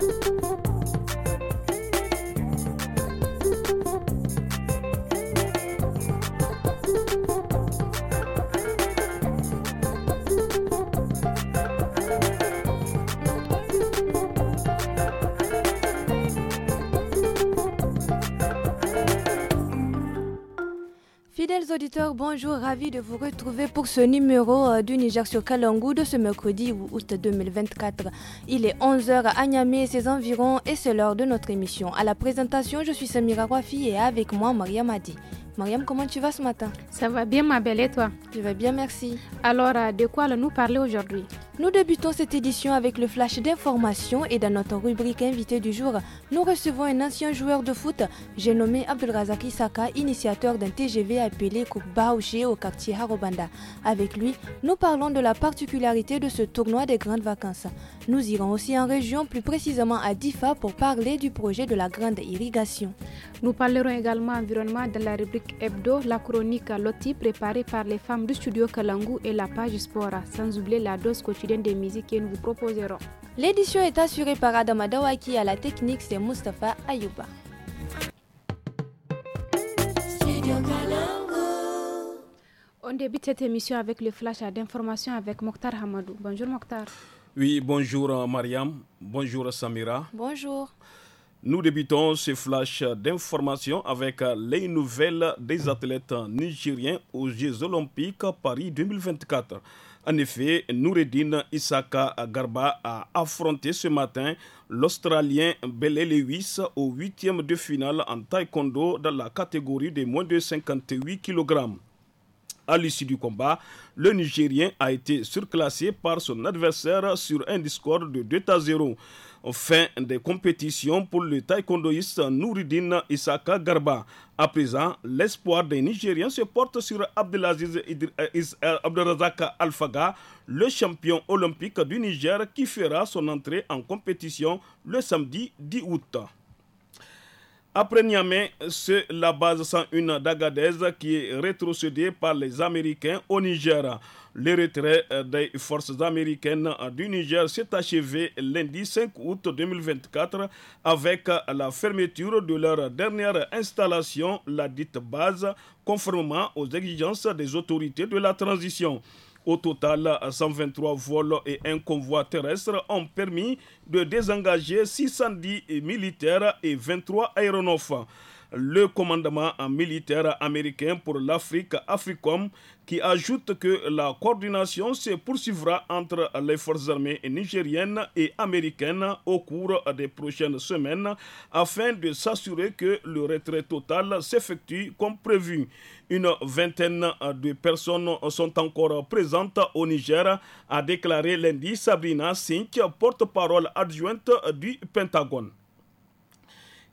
Thank you. Chers auditeurs, bonjour, ravi de vous retrouver pour ce numéro euh, du Niger sur Kalangou de ce mercredi août 2024. Il est 11h à Niamey et ses environs et c'est l'heure de notre émission. À la présentation, je suis Samira Wafi et avec moi Maria Madi. Mariam, comment tu vas ce matin Ça va bien, ma belle, et toi Je vais bien, merci. Alors, euh, de quoi allons-nous parler aujourd'hui Nous débutons cette édition avec le flash d'information et dans notre rubrique invité du jour, nous recevons un ancien joueur de foot, j'ai nommé Abdelrazaki Saka, initiateur d'un TGV appelé Coupe Baouché au quartier Harobanda. Avec lui, nous parlons de la particularité de ce tournoi des grandes vacances. Nous irons aussi en région, plus précisément à Difa, pour parler du projet de la grande irrigation. Nous parlerons également environnement de la rubrique hebdo, la chronique Loti préparée par les femmes du studio Kalangu et la page Sport, sans oublier la dose quotidienne des musiques que nous vous proposerons. L'édition est assurée par adam adawaki à la technique, c'est Mustapha Ayouba. On débute cette émission avec le flash d'information avec Mokhtar Hamadou. Bonjour Mokhtar. Oui, bonjour euh, Mariam. Bonjour Samira. Bonjour. Nous débutons ce flash d'information avec les nouvelles des athlètes nigériens aux Jeux Olympiques Paris 2024. En effet, Noureddin Isaka Garba a affronté ce matin l'Australien Belé Lewis au huitième de finale en taekwondo dans la catégorie des moins de 58 kg. À l'issue du combat, le Nigérien a été surclassé par son adversaire sur un Discord de 2 à 0. Fin des compétitions pour le taekwondoïste Nouridine Isaka Garba. À présent, l'espoir des Nigériens se porte sur Abdelaziz euh, euh, Abdelazak Alfaga, le champion olympique du Niger qui fera son entrée en compétition le samedi 10 août. Après Niamey, c'est la base 101 d'Agadez qui est rétrocédée par les Américains au Niger. Le retrait euh, des forces américaines du Niger s'est achevé lundi 5 août 2024 avec euh, la fermeture de leur dernière installation, la dite base, conformément aux exigences des autorités de la transition. Au total, 123 vols et un convoi terrestre ont permis de désengager 610 militaires et 23 aéronefs le commandement militaire américain pour l'Afrique, AFRICOM, qui ajoute que la coordination se poursuivra entre les forces armées nigériennes et américaines au cours des prochaines semaines afin de s'assurer que le retrait total s'effectue comme prévu. Une vingtaine de personnes sont encore présentes au Niger, a déclaré lundi Sabrina Sink, porte-parole adjointe du Pentagone.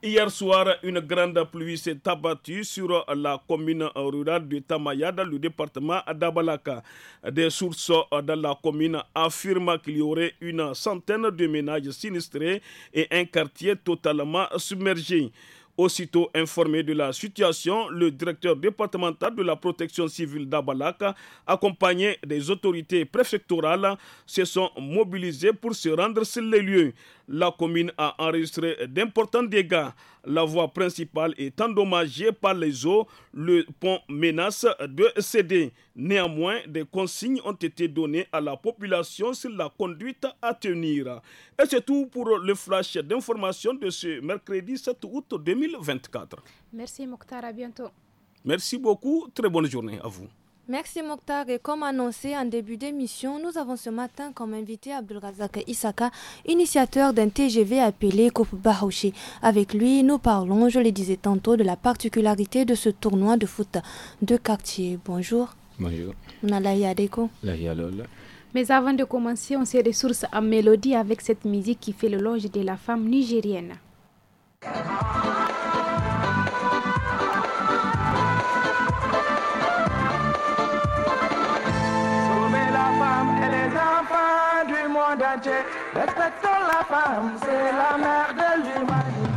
Hier soir, une grande pluie s'est abattue sur la commune rurale de Tamaya dans le département d'Abalaka. Des sources dans la commune affirment qu'il y aurait une centaine de ménages sinistrés et un quartier totalement submergé. Aussitôt informé de la situation, le directeur départemental de la protection civile d'Abalaka, accompagné des autorités préfectorales, se sont mobilisés pour se rendre sur les lieux la commune a enregistré d'importants dégâts. La voie principale est endommagée par les eaux. Le pont menace de céder. Néanmoins, des consignes ont été données à la population sur la conduite à tenir. Et c'est tout pour le flash d'information de ce mercredi 7 août 2024. Merci Mokhtar, à bientôt. Merci beaucoup, très bonne journée à vous. Merci Mokhtar. Et comme annoncé en début d'émission, nous avons ce matin comme invité Abdulrazak Isaka, initiateur d'un TGV appelé Coupe Bahouchi. Avec lui, nous parlons, je le disais tantôt, de la particularité de ce tournoi de foot de quartier. Bonjour. Bonjour. Mais avant de commencer, on se ressource en mélodie avec cette musique qui fait le loge de la femme nigérienne. Respectons la femme, c'est la mère de l'humanité.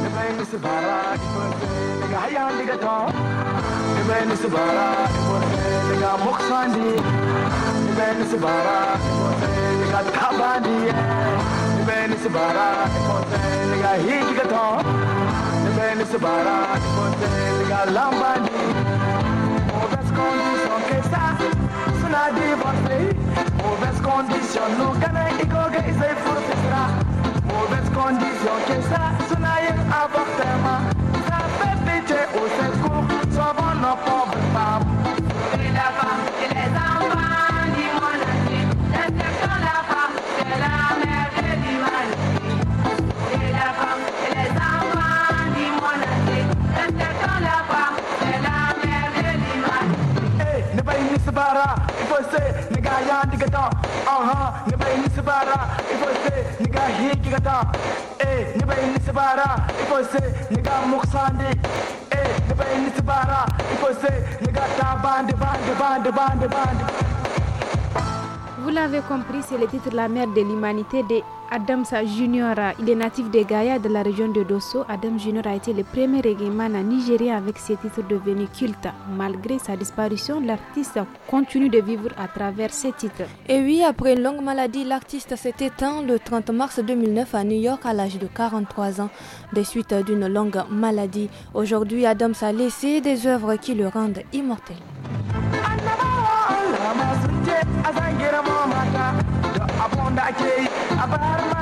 nis barak porfele ga hayandi ga ta ben nis barak porfele ga mukhsandi ben nis barak porfele ga thabandi ben nis barak porfele ga hik ga ta ben nis barak porfele ga lambandi Overs condition ke saas sunadi baat nahi Overs condition no kana ikoge isai furtisra Mauvaise condition, que ça, sonaille avortement. Ça fait pitié au secours, sauvons nos pauvres femmes. Et la femme et les enfants la c'est la mère de l'humanité. Et la femme et les enfants la c'est la mère de l'humanité. Eh, ne ni il faut se, ne du gâteau, nibayinise bara ifose nigahigigata e nibayinise bara ifose nigamukusande e nibayinise bara ifose nigatabande bande bande bande bande Vous l'avez compris, c'est le titre La mère de l'humanité des Adams Junior, il est natif de Gaïa de la région de Dosso. Adam Junior a été le premier reggaeman à Nigeria avec ses titres devenus cultes. Malgré sa disparition, l'artiste continue de vivre à travers ses titres. Et oui, après une longue maladie, l'artiste s'est éteint le 30 mars 2009 à New York à l'âge de 43 ans, des suites d'une longue maladie. Aujourd'hui, Adams a laissé des œuvres qui le rendent immortel. acabar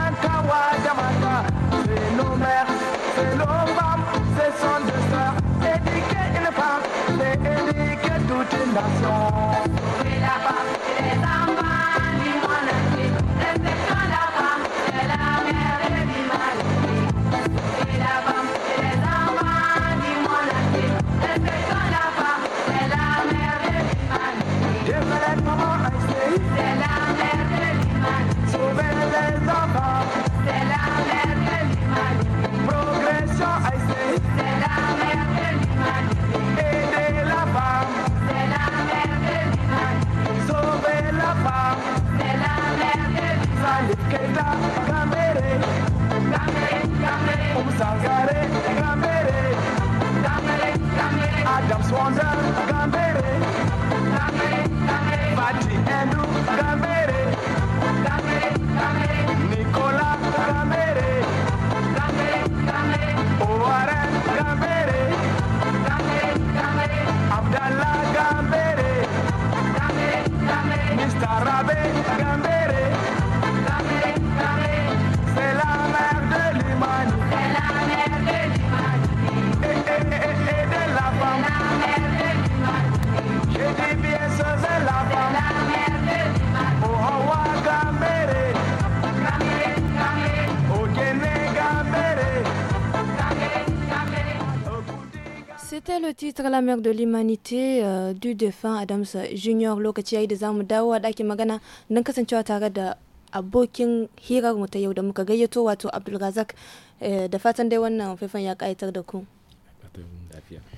C'était le titre La mère de l'humanité euh, du défunt Adams Junior lokaci yayi da Dawa dawo a magana don kasancewa tare da abokin hirar mu ta yau da muka gayyato wato Abdulrazak eh, da fatan dai wannan faifan ya ƙayatar da ku.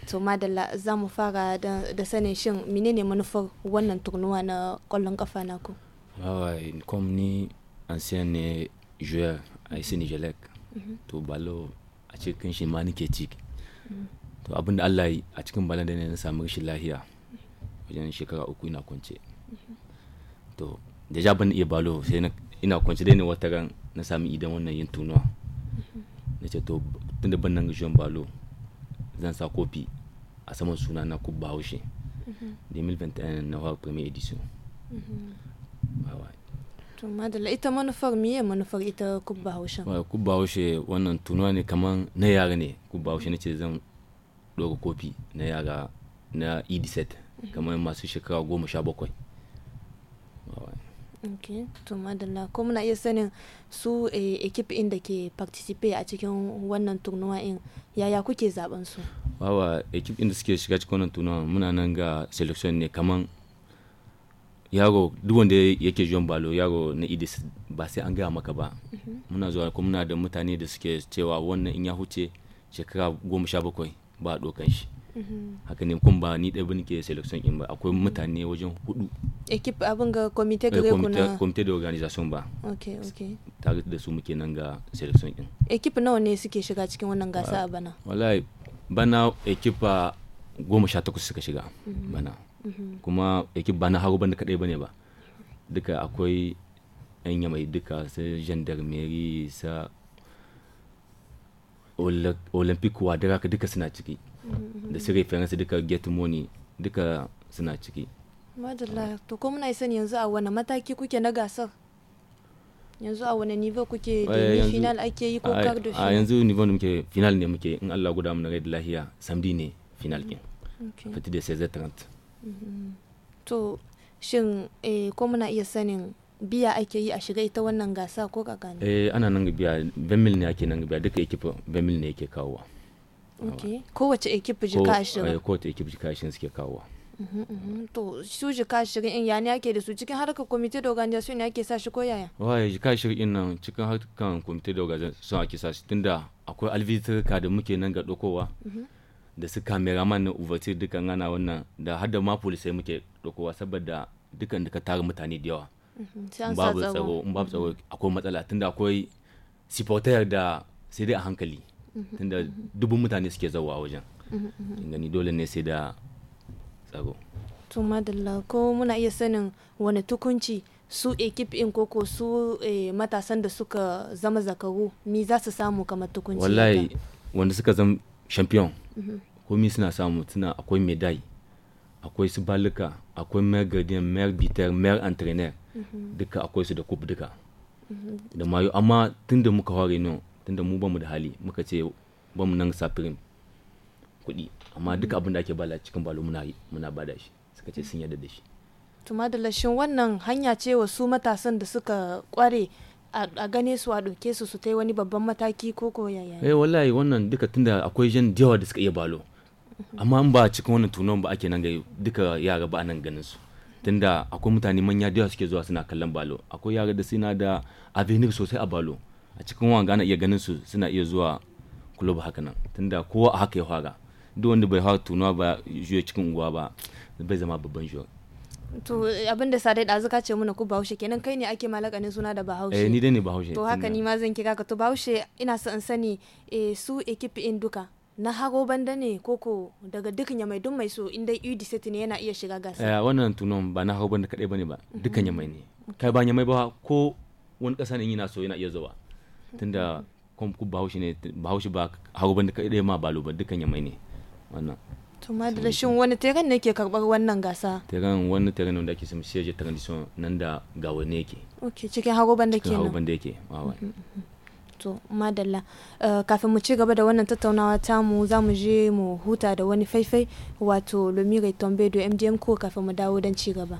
To madalla za mu fara da sanin shin menene manufar wannan turnuwa na kwallon kafa na ku? Kom ah, ni ancien ne joueur a isi Nijelek to balo a cikin shi ma nike ciki. to abin da Allah yi a cikin balan da ne na samu rashin lahiya wajen shekara uku ina kwance to da ja ban iya balo sai ina kwance dai ne wata ran na sami idan wannan yin tunuwa na ce to tunda ban nan gashin balo zan sa kofi a saman suna na kubba haushe 2021 na hawa premier edition to madalla ita manufar miye manufar ita kubba haushen kubba haushe wannan tunuwa ne kaman na yare ne kubba haushe na ce zan ɗora kofi na yara na ediset mhm. kamar masu shekara goma sha bakwai ok to madalla ko muna iya sanin su eh, ekip in da ke participe a cikin wannan turnuwa in yaya kuke zaben su wawa ekip in da suke shiga cikin wannan turnuwa muna nan ga selection ne kaman yaro duk wanda yake juwan balo yaro na idis ba sai an gaya maka ba mhm. muna zuwa kuma muna da mutane da suke cewa wannan in ya huce shekara goma sha bakwai ba dokan shi haka ne kun ba ni ɗaya bane ke selection in ba akwai mutane wajen hudu ekip abin ga komite eh, gare ku na komite da organization ba okay okay target da su muke nan ga selection din ekip nawa ne suke shiga cikin wannan gasa a bana wallahi bana ekipa goma sha takwas suka shiga bana kuma ekip bana na haro bane kadai bane ba duka akwai yan yamai duka sai gendarmerie sa olympic wa da duka suna ciki da mm-hmm. su faransa duka get money duka suna ciki madalla to ko muna sani yanzu a wani mataki kuke na gasar yanzu a wani nivo kuke eh, da final ake yi ko kar da a yanzu nivo da muke final ne muke in Allah guda mu na gaida lahiya samdi ne final ke fiti da sai zai mm-hmm. to shin eh, ko muna iya sanin biya ake yi a shiga ita wannan gasa ko ka gane eh ana nan biya bemil ne ake nan biya duka ekipa bemil ne yake kawowa okay kowace ekip jika ashirin eh, kowace ekip jika ashirin suke kawowa mhm, mhm. to su jika shiga in yani ake da su cikin harkar komite da organization ne ake sa shi ko yaya waye jika in nan cikin harkar komite da organization ake sa shi tunda akwai alvitirka da muke nan ga dokowa mhm. da su kameraman na uvertir dukan ana wannan da har da ma polisai muke dokowa saboda dukan duka tara mutane da yawa Mhm. babu tsaro babu mhm. tsaro akwai matsala tunda akwai sifotayar da sai dai a hankali mhm. tunda dubun mutane suke zauwa wajen gani dole ne sai da tsaro to madalla ko muna iya sanin wani tukunci su ekip in koko su eh, matasan da suka zama zakaru mi za su samu kamar tukunci wallahi wanda suka zama champion komi suna samu suna akwai medai akwai su baluka akwai mayor gardien mayar bitter Mm-hmm. duka akwai su da kub duka mm-hmm. da mayu amma tunda muka ware nan tunda mu bamu da hali muka ce bamu nan safirin kuɗi amma duka abin da ake bala cikin balo muna muna bada shi suka ce sun yarda da shi to madalashin wannan hanya ce wa su matasan da suka kware a gane su a ɗauke su su tai wani babban mataki ko ko yaya eh wallahi wannan duka tunda akwai jan da da suka iya balo mm-hmm. amma in ba cikin wannan tunon ba ake nan ga duka yara ba nan ganin su tunda akwai mutane manya da suke zuwa suna kallon balo akwai yara da suna da avenir sosai a balo a cikin wanga ana iya ganin su suna iya zuwa club haka nan tunda kowa a haka ya fara duk wanda bai fara tunuwa ba juya cikin unguwa ba bai zama babban zuwa. to abin da sadai ɗazu ka ce muna ku bahaushe kenan kai ne ake ne suna da bahaushe eh ni dai ne bahaushe to haka ni ma zan kira ka to bahaushe ina so in sani eh, su ekipi in duka na hago banda ne koko daga dukkan yamai mai duk mai so inda UD set ne yana iya shiga gasa eh wannan tunon ba na hago banda kadai bane ba mm-hmm. dukkan yamai ne kai ba yamai ba ko wani kasa ne yana so yana iya zuwa mm-hmm. tunda kuma bahaushe ne bahaushe ba hago banda kadai ma balo ba dukkan yamai ne wannan to da shin wani tegan ne ke karbar wannan gasa tegan wani tegan wanda ake samu sai je tradition nan da ne yake okay cikin hago banda kenan cikin hago banda yake wawa mm-hmm, to madalla eh, kafin mu ci gaba da wannan tattaunawa mu za mu je mu huta da wani faifai wato lomi tombe do mdm ko kafin mu dawo don ci gaba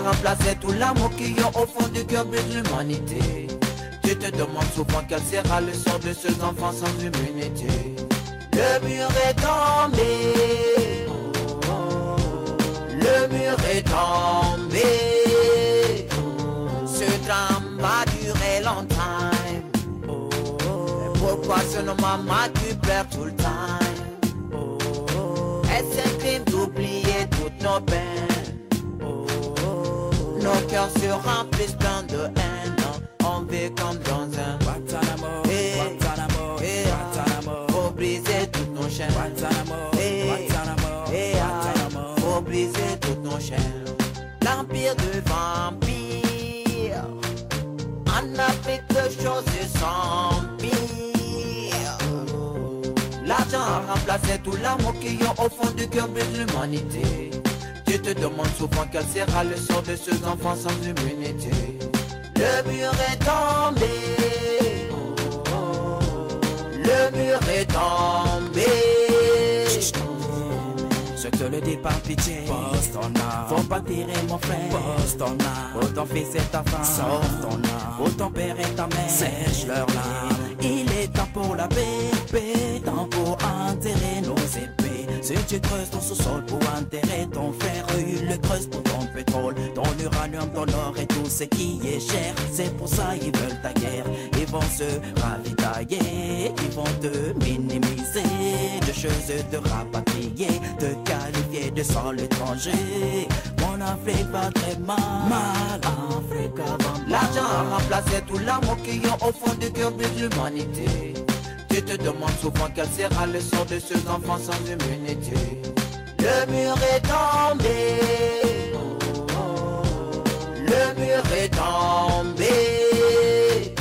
Remplacer tout l'amour qui y a au fond du cœur de l'humanité. Tu te demandes souvent quel sera le sort de ces enfants sans humanité. Le mur est tombé. Le mur est tombé. Ce drame va durer longtemps. pourquoi ce nom maman tu perds tout le temps? Est-ce un crime d'oublier toutes nos peines? Nos cœurs se remplissent plein de haine. On vit comme dans un Guantanamo. et eh, Guantanamo. Eh, ah. Guantanamo. Faut briser toutes nos chaînes. Guantanamo. Eh, Guantanamo. Ah. Guantanamo. Faut briser toutes nos chaînes. L'empire du vampire. En Afrique, les choses sont pires. L'argent a remplacé tout l'amour qui y a au fond du cœur de l'humanité te demande souvent quel sera le sort de ces enfants sans immunité. Le mur est tombé. Le mur est tombé. je te le dis par pitié, pose ton Faut pas tirer mon frère, pose ton âme. fils et ta femme, ton père et ta mère, sèche leur larmes. Il est temps pour la paix, temps pour enterrer nos si tu creuses ton sous-sol pour enterrer ton fer, il le creuse pour ton pétrole, ton uranium, ton or et tout ce qui est cher. C'est pour ça ils veulent ta guerre, ils vont se ravitailler, ils vont te minimiser, de choses te rapatrier, te qualifier de sol étranger. Mon Afrique pas très mal, mal Afrique L'argent a remplacé tout l'amour qui y au fond du cœur de l'humanité. Tu te demandes souvent quel sera le sort de ces enfants sans immunité. Le mur est tombé. Le mur est tombé.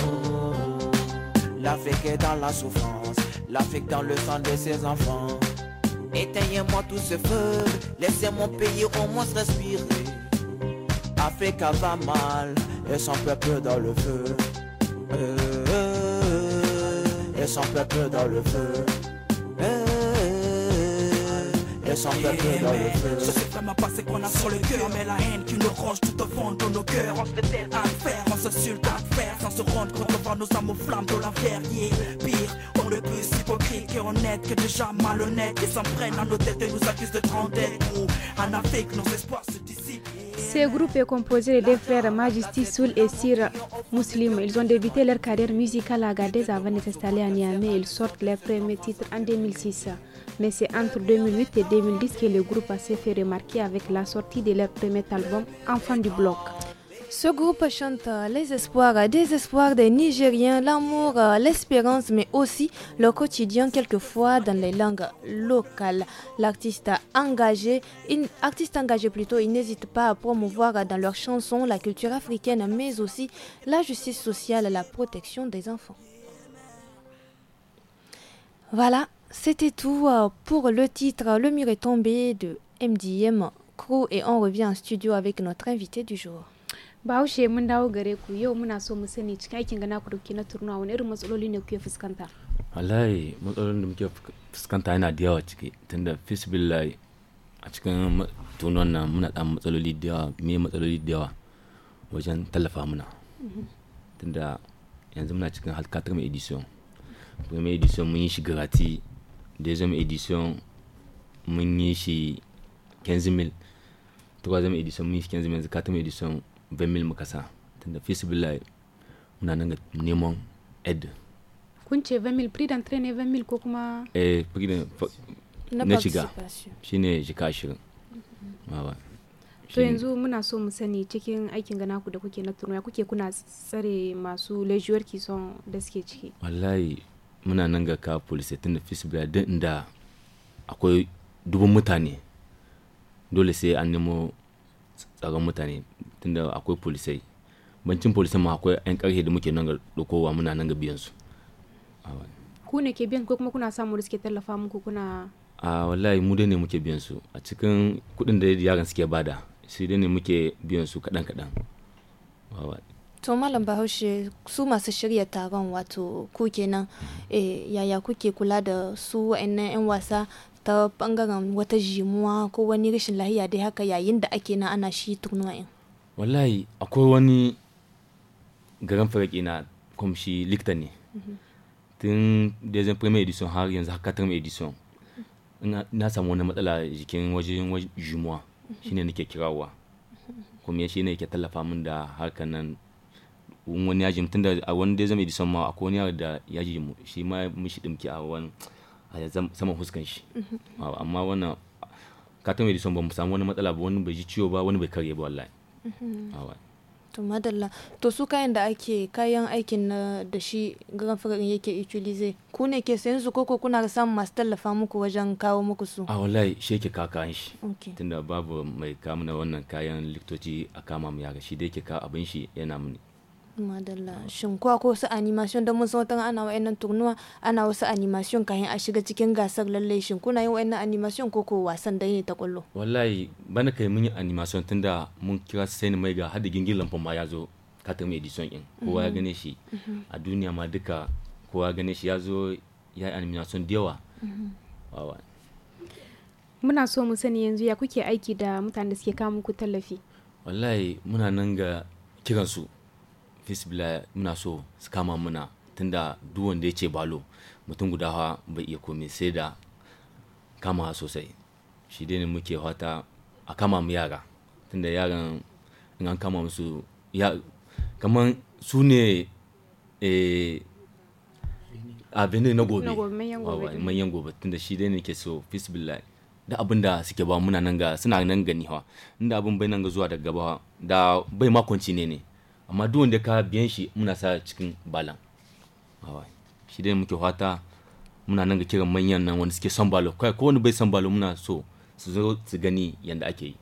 L'Afrique est dans la souffrance. L'Afrique dans le sang de ses enfants. Éteignez-moi tout ce feu. Laissez mon pays au moins respirer. Afrique va mal et son peuple dans le feu. Euh et son peuple dans le feu. Eh, eh, eh. Et son peuple dans le feu. Je sais vraiment pas ce qu'on a sur le cœur, mais la haine qui nous ronge tout au fond dans nos cœurs. On se fait à faire, on s'insulte à faire, sans se rendre compte devant nos âmes aux flammes de la est Pire, on le plus hypocrite et honnête que déjà malhonnête. Ils s'en prennent à nos têtes et nous accusent de trahison. Ou en Afrique, nos espoirs se disent. Ce groupe est composé de deux frères Majesty Soul et Sir Muslim. Ils ont débuté leur carrière musicale à Gadez avant de s'installer à Niamey. Ils sortent leur premier titre en 2006. Mais c'est entre 2008 et 2010 que le groupe a s'est fait remarquer avec la sortie de leur premier album Enfant du bloc. Ce groupe chante euh, les espoirs, euh, des désespoirs des Nigériens, l'amour, euh, l'espérance, mais aussi leur quotidien, quelquefois dans les langues locales. L'artiste engagé, artiste engagé plutôt, il n'hésite pas à promouvoir dans leurs chansons la culture africaine, mais aussi la justice sociale, et la protection des enfants. Voilà, c'était tout pour le titre Le mur est tombé de MDM Crew et on revient en studio avec notre invité du jour. Bahaushe mun dawo gare ku yau muna so mu sani cikin aikin gana ku dauke na turnuwa wani irin matsaloli ne kuke fuskanta? Wallahi matsalolin da muke fuskanta yana da yawa ciki tunda fisbillahi a cikin turnuwan nan muna da matsaloli da yawa me matsaloli da yawa wajen tallafa muna. Mhm. Tunda yanzu muna cikin halkatar mai edition. Kuma mai edition mun yi shi garati da ya zama edition mun yi shi kenzimil. mil. Tukwa zama mun yi shi kenzimil mil zaka mai 20 muka sa tunda fisibilai muna nan ga neman ed kun ce 20 prix d'entrée ne 20 ko kuma eh prix de na shiga shine shiga ba to yanzu muna so mu sani cikin aikin gana ku da kuke na turnuwa kuke kuna tsare masu lejuwar kison da suke ciki wallahi muna nan ga ka police tun da fisibilai don inda akwai dubin mutane dole sai an nemo tsaron mutane tunda akwai polisai bancin polisai ma akwai 'yan karhe da muke nan ga dokowa muna nan ga biyan su ku ne ke biyan ko kuma kuna samu da suke tallafa muku kuna a wallahi mu dai ne muke biyan su a cikin kuɗin da yaran suke bada shi dai ne muke biyan su kadan. kadan to malam bahaushe su masu shirya taron wato ku kenan mhm. eh, yaya kuke kula da su wa'annan 'yan wasa ta bangaren wata jimuwa ko wani rashin lahiya dai haka yayin da ake na ana shi turnuwa wallahi akwai wani garin farki na kwamshi likta ne tun dezin premier edition har yanzu haka term edition na samu wani matsala jikin wajen jumuwa shine nake kirawa kuma shi ne ke tallafa min da harkar nan wani yaji mutum da a wani dezin edition ma akwai wani yaro da yaji mu shi ma mishi dimki a wani a saman huskan shi amma wannan katon edison ba mu samu wani matsala ba wani bai ji ciwo ba wani bai karye ba wallahi Mhm. to madalla to su kayan da ake kayan aikin na da shi gagan fagagin yake utilize ku ne ke sayan su koko kuna samun masu tallafa muku wajen kawo muku su a wallahi shi yake kaka shi tunda babu mai kamuna wannan kayan liktoci a kama mu ga shi da yake kawo abin shi yana muni madalla shin ko ko su animation da mun san wata ana wa'annan turnuwa ana wasu animation kayan a shiga cikin gasar lalle shin kuna yin wa'annan animation ko ko wasan da ne ta kwallo wallahi bana kai mun yi animation tunda mun kira sai mai ga hada gingin lamfon ma ya zo katin mai edition din kowa ya gane shi a duniya ma duka kowa ya gane shi ya zo ya yi animation da yawa mhm. muna so mu sani yanzu ya kuke aiki da mutanen da suke kawo muku tallafi wallahi muna nan ga kiransu fisibila muna so su kama muna tunda duk wanda ya ce balo mutum guda hawa bai iya komai sai da kama sosai shi dai ne muke fata a kama mu yara tunda yaran in an kama musu ya kamar su ne eh, a benin na gobe manyan gobe tunda shi dai ne ke so fisibila da abin da suke ba muna nan ga suna nan ganiwa inda abin bai nan ga zuwa daga gaba da bai makonci ne ne amma duk wanda ka biyan shi muna sa cikin balan shi dai muke fata muna nan ga kiran manyan nan wanda suke son balo kai ko wani bai son balo muna so su zo su gani yanda ake yi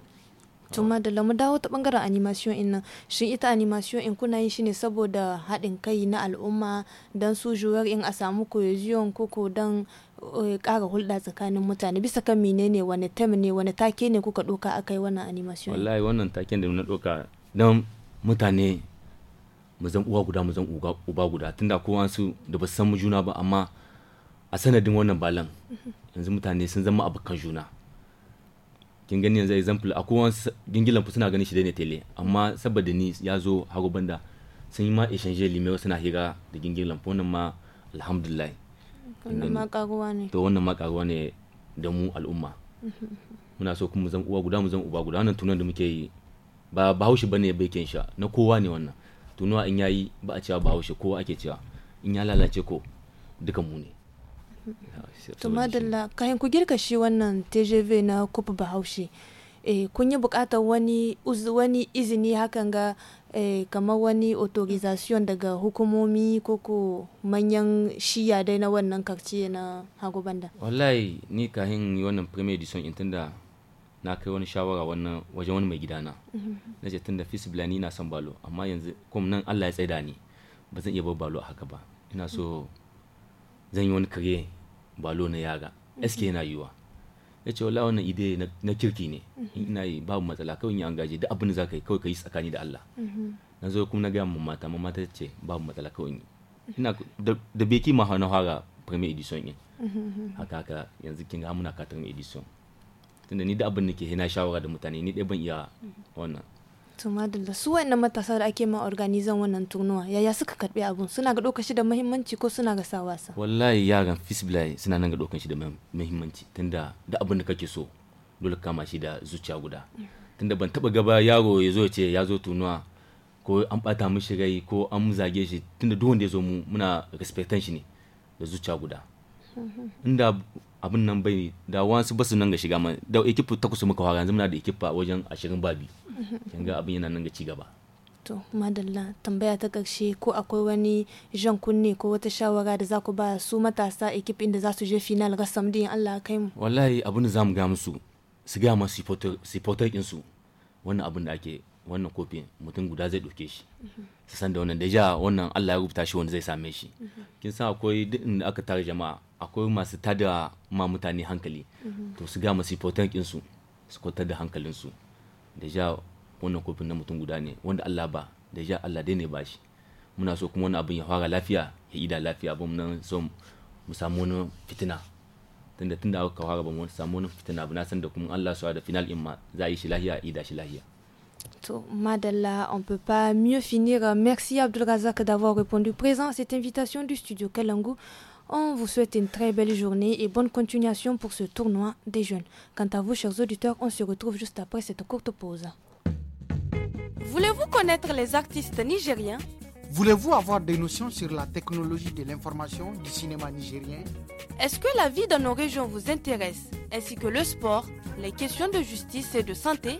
tun da lamu dawo ta bangaren animation in nan shi ita animation in kuna yin shi ne saboda haɗin kai na al'umma don su juwar in a samu cohesion koko don eh, ƙara hulɗa tsakanin mutane bisa kan menene wani tem ne wani take ne kuka ɗoka aka yi wannan animation wallahi wannan taken da na ɗoka don mutane mu zan uwa guda mu zan uba guda tunda kowa su da ba san mu juna ba amma a sanadin wannan balan yanzu mutane sun zama abokan juna kin gani yanzu example a kowa gingilan fu suna ganin shi da ne tele amma saboda ni ya zo hagu banda sun yi ma exchange limai suna hira da gingilan wannan ma alhamdulillah wannan ma karuwa ne to wannan ma karuwa ne da mu al'umma muna so kuma zan uwa guda mu zan uba guda wannan tunan da muke yi ba bahaushe bane bai kensha na kowa ne wannan tunuwa in yayi ba a cewa bahaushe kowa ake cewa in ya lalace ko duka mu ne to madalla kayan ku girka shi wannan tjv na kufa bahaushe eh, kun yi bukatar wani wani izini hakan ga eh, kamar wani authorization daga hukumomi ko ko manyan shiya dai na wannan karci na banda wallahi ni kahin wannan premier edition in tunda na kai wani shawara wannan wajen wani mai gidana mm-hmm. na ce tunda fisibilani na san balo amma yanzu kuma nan allah ya tsaida ni ba zan iya bar balo a haka ba ina so zan yi wani kare balo na yara mm-hmm. eske yana yiwa ya ce wala wannan ide na kirki ne mm-hmm. ina yi babu matsala kawai an gaji da abin da za ka yi kawai ka yi tsakani da allah na zo kuma na gaya mu mata mamma mata ce babu matsala kawai yi ina da beki ma hana fara premier edition yin haka haka yanzu kin ga muna katar edition tunda ni da abin da ke hina shawara da mutane ni dai ban iya wannan to madalla su wannan matasa da ake ma organizan wannan turnuwa yaya suka karbi abun suna ga dokar shi da muhimmanci ko suna ga sa wasa wallahi yaran fisbilai suna nan ga dokar shi da muhimmanci tunda da abin da kake so dole kama shi da zuciya guda tunda ban taba gaba yaro ya zo ya ce ya zo tunuwa ko an bata mishi rai ko an zage shi tunda duk wanda ya zo mu muna respectan shi ne da zuciya guda inda abin nan bai da wasu basu nan ga shiga ma da ta kusa muka yanzu muna da ekipa wajen ashirin babi mhm. kin ga abin yana nan ga cigaba to madalla tambaya ta karshe ko akwai wani jan kunne ko wata shawara da za ku ba su matasa ekip inda za su je final rasam din Allah kai mu wallahi abin da mu ga musu su ga masu supporter din su wannan abin da ake wannan kofin mutum guda zai ɗauke shi su san da wannan ja wannan Allah ya rubuta shi wanda zai same shi kin san akwai duk inda aka tara jama'a akwai masu tada ma mutane hankali to su ga masu fotan kin su su kwantar da hankalin su ja wannan kofin na mutum guda ne wanda Allah ba ja Allah dai ne ba shi muna so kuma wani abin ya fara lafiya ya ida lafiya ba mun so mu samu wani fitina tunda tunda aka fara ba mu samu wani fitina ba na san da kuma Allah su da final in ma za a yi shi lahiya ida shi lahiya Madela, on ne peut pas mieux finir. Merci Abdelrazak d'avoir répondu présent à cette invitation du studio Kalangu. On vous souhaite une très belle journée et bonne continuation pour ce tournoi des jeunes. Quant à vous, chers auditeurs, on se retrouve juste après cette courte pause. Voulez-vous connaître les artistes nigériens Voulez-vous avoir des notions sur la technologie de l'information du cinéma nigérien Est-ce que la vie dans nos régions vous intéresse, ainsi que le sport, les questions de justice et de santé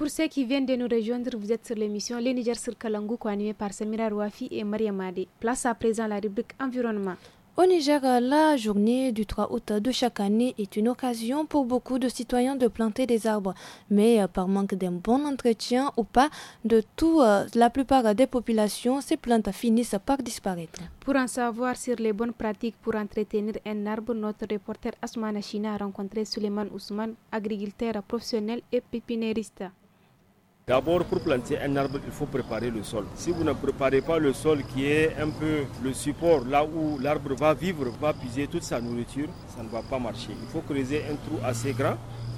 Pour ceux qui viennent de nous rejoindre, vous êtes sur l'émission Les Niger sur Kalangu, animée par Samira Rouafi et Maria Madi. Place à présent la rubrique Environnement. Au Niger, la journée du 3 août de chaque année est une occasion pour beaucoup de citoyens de planter des arbres. Mais euh, par manque d'un bon entretien ou pas de tout, euh, la plupart des populations, ces plantes finissent par disparaître. Pour en savoir sur les bonnes pratiques pour entretenir un arbre, notre reporter Asmana China a rencontré Suleiman Ousmane, agriculteur professionnel et pépinériste. D'abord, pour planter un arbre, il faut préparer le sol. Si vous ne préparez pas le sol qui est un peu le support là où l'arbre va vivre, va puiser toute sa nourriture, ça ne va pas marcher. Il faut creuser un trou assez grand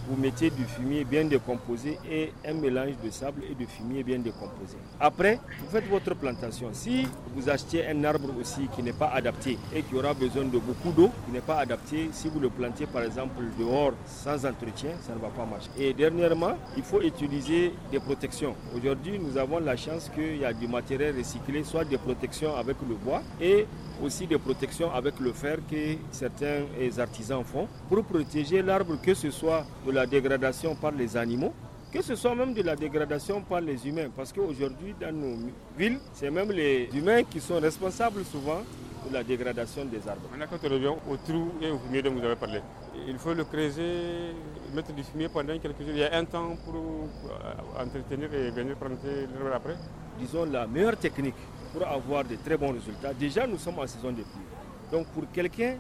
vous mettez du fumier bien décomposé et un mélange de sable et de fumier bien décomposé. Après, vous faites votre plantation. Si vous achetez un arbre aussi qui n'est pas adapté et qui aura besoin de beaucoup d'eau, qui n'est pas adapté, si vous le plantez par exemple dehors sans entretien, ça ne va pas marcher. Et dernièrement, il faut utiliser des protections. Aujourd'hui, nous avons la chance qu'il y a du matériel recyclé, soit des protections avec le bois et aussi des protections avec le fer que certains artisans font pour protéger l'arbre, que ce soit de la dégradation par les animaux, que ce soit même de la dégradation par les humains. Parce qu'aujourd'hui, dans nos villes, c'est même les humains qui sont responsables souvent de la dégradation des arbres. Maintenant, quand on revient au trou et au fumier dont vous avez parlé, il faut le creuser, mettre du fumier pendant quelques jours. Il y a un temps pour, euh, entretenir et venir prendre l'arbre après. Disons la meilleure technique pour avoir de très bons résultats. Déjà, nous sommes en saison de pluie. Donc, pour quelqu'un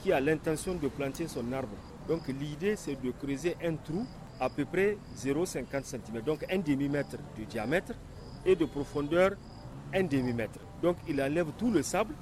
qui a l'intention de planter son arbre, donc l'idée c'est de creuser un trou à peu près 0,50 cm, donc un demi-mètre de diamètre et de profondeur un demi-mètre. Donc il enlève tout le sable.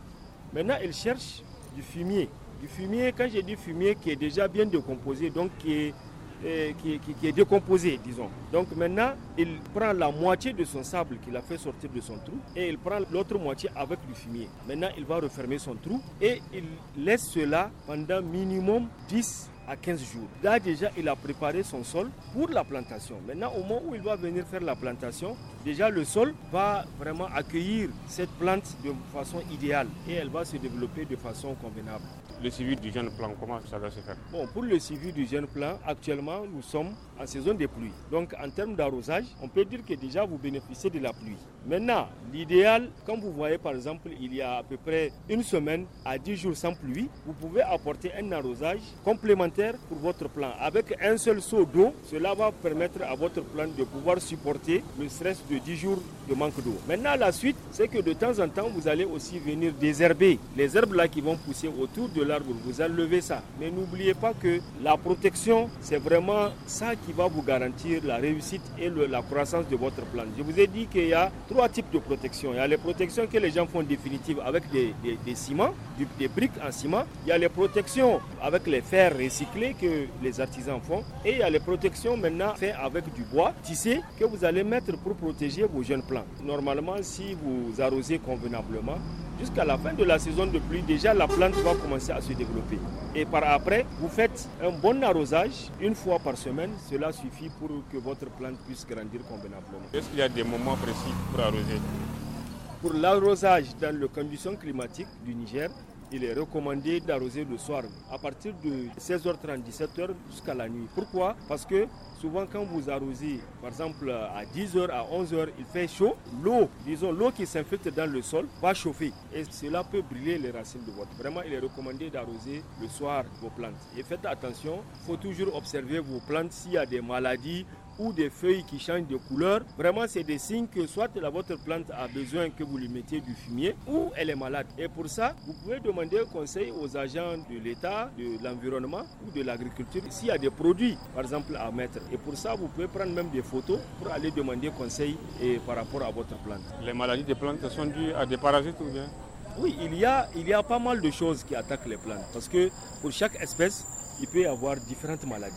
Maintenant, il cherche du fumier. Du fumier, quand j'ai dit fumier, qui est déjà bien décomposé, donc qui est qui, est décomposé, disons. Donc maintenant, il prend la moitié de son sable qu'il a fait sortir de son trou et il prend l'autre moitié avec du fumier. Maintenant, il va refermer son trou et il laisse cela pendant minimum 10 à 15 jours. Là déjà, il a préparé son sol pour la plantation. Maintenant, au moment où il va venir faire la plantation, déjà le sol va vraiment accueillir cette plante de façon idéale et elle va se développer de façon convenable le suivi du jeune plan, comment ça va se faire Bon, pour le suivi du jeune plan, actuellement, nous sommes en saison des pluies. Donc, en termes d'arrosage, on peut dire que déjà vous bénéficiez de la pluie. Maintenant, l'idéal, quand vous voyez par exemple, il y a à peu près une semaine à 10 jours sans pluie, vous pouvez apporter un arrosage complémentaire pour votre plan. Avec un seul seau d'eau, cela va permettre à votre plan de pouvoir supporter le stress de 10 jours de manque d'eau. Maintenant, la suite, c'est que de temps en temps, vous allez aussi venir désherber les herbes là qui vont pousser autour de l'arbre, vous enlevez ça. Mais n'oubliez pas que la protection, c'est vraiment ça qui va vous garantir la réussite et la croissance de votre plante. Je vous ai dit qu'il y a trois types de protection. Il y a les protections que les gens font définitives avec des, ciments, des briques en ciment. Il y a les protections avec les fers recyclés que les artisans font. Et il y a les protections maintenant faites avec du bois tissé que vous allez mettre pour protéger vos jeunes plantes. Normalement, si vous arrosez convenablement, Jusqu'à la fin de la saison de pluie, déjà la plante va commencer à se développer. Et par après, vous faites un bon arrosage une fois par semaine. Cela suffit pour que votre plante puisse grandir convenablement. Est-ce qu'il y a des moments précis pour arroser Pour l'arrosage dans les conditions climatiques du Niger, il est recommandé d'arroser le soir à partir de 16h30, 17h jusqu'à la nuit. Pourquoi Parce que souvent quand vous arrosez, par exemple à 10h, à 11h, il fait chaud, l'eau, disons l'eau qui s'infecte dans le sol va chauffer et cela peut brûler les racines de votre. Vraiment, il est recommandé d'arroser le soir vos plantes. Et faites attention, il faut toujours observer vos plantes s'il y a des maladies ou des feuilles qui changent de couleur, vraiment c'est des signes que soit la, votre plante a besoin que vous lui mettiez du fumier ou elle est malade. Et pour ça, vous pouvez demander conseil aux agents de l'État, de l'environnement ou de l'agriculture s'il y a des produits, par exemple, à mettre. Et pour ça, vous pouvez prendre même des photos pour aller demander conseil et par rapport à votre plante. Les maladies des plantes sont dues à des parasites ou bien Oui, il y, a, il y a pas mal de choses qui attaquent les plantes parce que pour chaque espèce, il peut y avoir différentes maladies.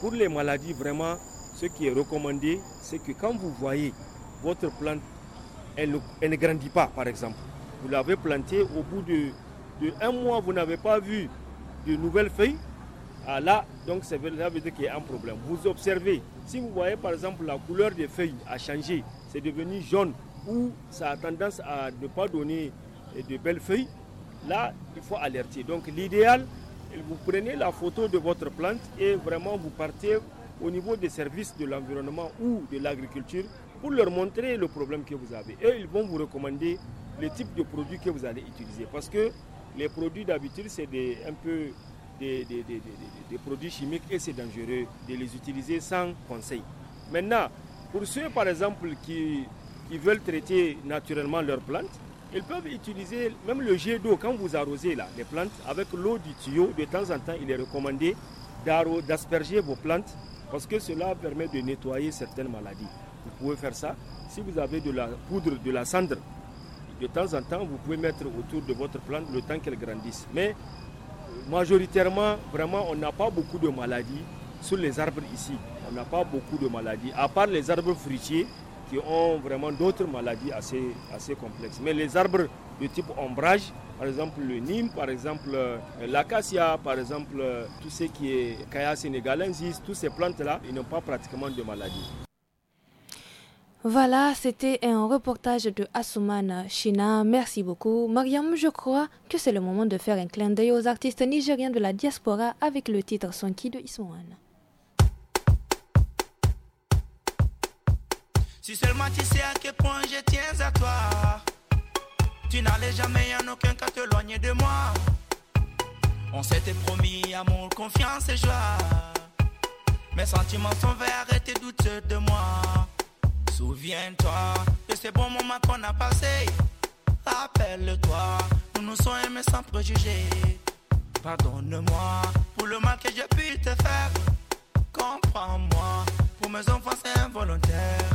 Pour les maladies vraiment ce qui est recommandé, c'est que quand vous voyez votre plante, elle, ne grandit pas, par exemple. Vous l'avez plantée, au bout de, un mois, vous n'avez pas vu de nouvelles feuilles. Ah, là, donc ça veut, dire qu'il y a un problème. Vous observez, si vous voyez par exemple la couleur des feuilles a changé, c'est devenu jaune ou ça a tendance à ne pas donner de belles feuilles, là, il faut alerter. Donc l'idéal, vous prenez la photo de votre plante et vraiment vous partez au niveau des services de l'environnement ou de l'agriculture pour leur montrer le problème que vous avez. Et ils vont vous recommander le type de produit que vous allez utiliser. Parce que les produits d'habitude, c'est un peu des, des, des, des, produits chimiques et c'est dangereux de les utiliser sans conseil. Maintenant, pour ceux par exemple qui, qui veulent traiter naturellement leurs plantes, ils peuvent utiliser même le jet d'eau quand vous arrosez là, les plantes avec l'eau du tuyau. De temps en temps, il est recommandé d'asperger vos plantes parce que cela permet de nettoyer certaines maladies. Vous pouvez faire ça. Si vous avez de la poudre, de la cendre, de temps en temps, vous pouvez mettre autour de votre plante le temps qu'elle grandisse. Mais majoritairement, vraiment, on n'a pas beaucoup de maladies sur les arbres ici. On n'a pas beaucoup de maladies, à part les arbres fruitiers qui ont vraiment d'autres maladies assez, assez complexes. Mais les arbres de type ombrage, par exemple le Nîmes, par exemple euh, l'acacia, par exemple euh, tout ce qui est Kaya sénégalensis, toutes ces plantes-là, ils n'ont pas pratiquement de maladie. Voilà, c'était un reportage de Asuman China. Merci beaucoup. Mariam, je crois que c'est le moment de faire un clin d'œil aux artistes nigériens de la diaspora avec le titre Sonki de Ismouane. Si seulement tu sais à quel point je tiens à toi. Tu n'allais jamais en aucun cas t'éloigner de moi. On s'était promis amour, confiance et joie. Mes sentiments sont verts et tes doutes de moi. Souviens-toi de ces bons moments qu'on a passés. Rappelle-toi, nous nous sommes aimés sans préjugés. Pardonne-moi pour le mal que j'ai pu te faire. Comprends-moi, pour mes enfants c'est involontaire.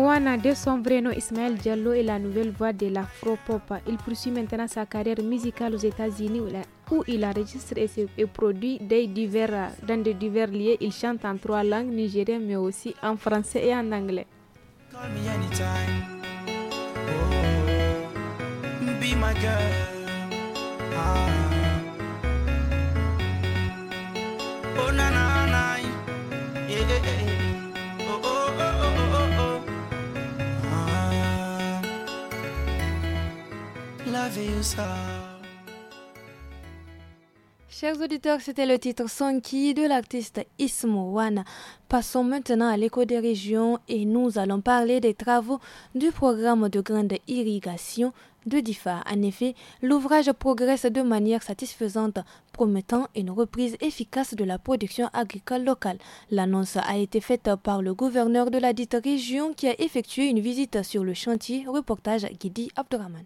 Moana de son vrai nom Ismaël Diallo est la nouvelle voix de l'afro-pop. Il poursuit maintenant sa carrière musicale aux États-Unis où il a et, et produit des divers, dans de divers lieux. Il chante en trois langues, nigérien mais aussi en français et en anglais. Oh, ah. Chers auditeurs, c'était le titre Sanki de l'artiste Ismo Wan. Passons maintenant à l'écho des régions et nous allons parler des travaux du programme de grande irrigation de DIFA. En effet, l'ouvrage progresse de manière satisfaisante, promettant une reprise efficace de la production agricole locale. L'annonce a été faite par le gouverneur de la dite région qui a effectué une visite sur le chantier. Reportage Guidi Abdurrahman.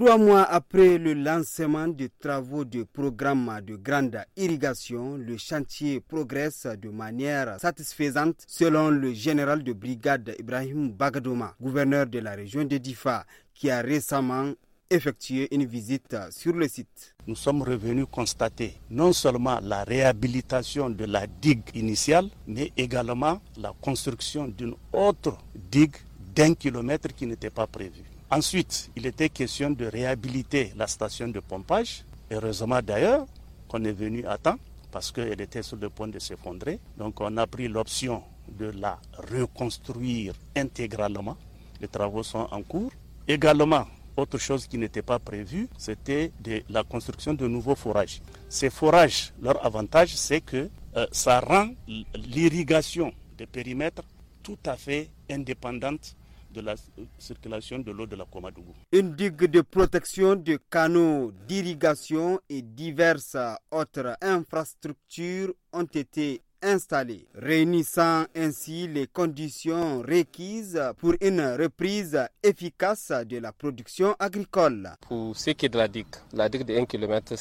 Trois mois après le lancement des travaux du programme de grande irrigation, le chantier progresse de manière satisfaisante selon le général de brigade Ibrahim Bagadoma, gouverneur de la région de Difa, qui a récemment effectué une visite sur le site. Nous sommes revenus constater non seulement la réhabilitation de la digue initiale, mais également la construction d'une autre digue d'un kilomètre qui n'était pas prévue. Ensuite, il était question de réhabiliter la station de pompage. Heureusement d'ailleurs qu'on est venu à temps parce qu'elle était sur le point de s'effondrer. Donc on a pris l'option de la reconstruire intégralement. Les travaux sont en cours. Également, autre chose qui n'était pas prévue, c'était de la construction de nouveaux forages. Ces forages, leur avantage, c'est que euh, ça rend l'irrigation des périmètres tout à fait indépendante de la circulation de l'eau de la Komadougou. Une digue de protection de canaux d'irrigation et diverses autres infrastructures ont été installées, réunissant ainsi les conditions requises pour une reprise efficace de la production agricole. Pour ce qui est de la digue, la digue de 1 km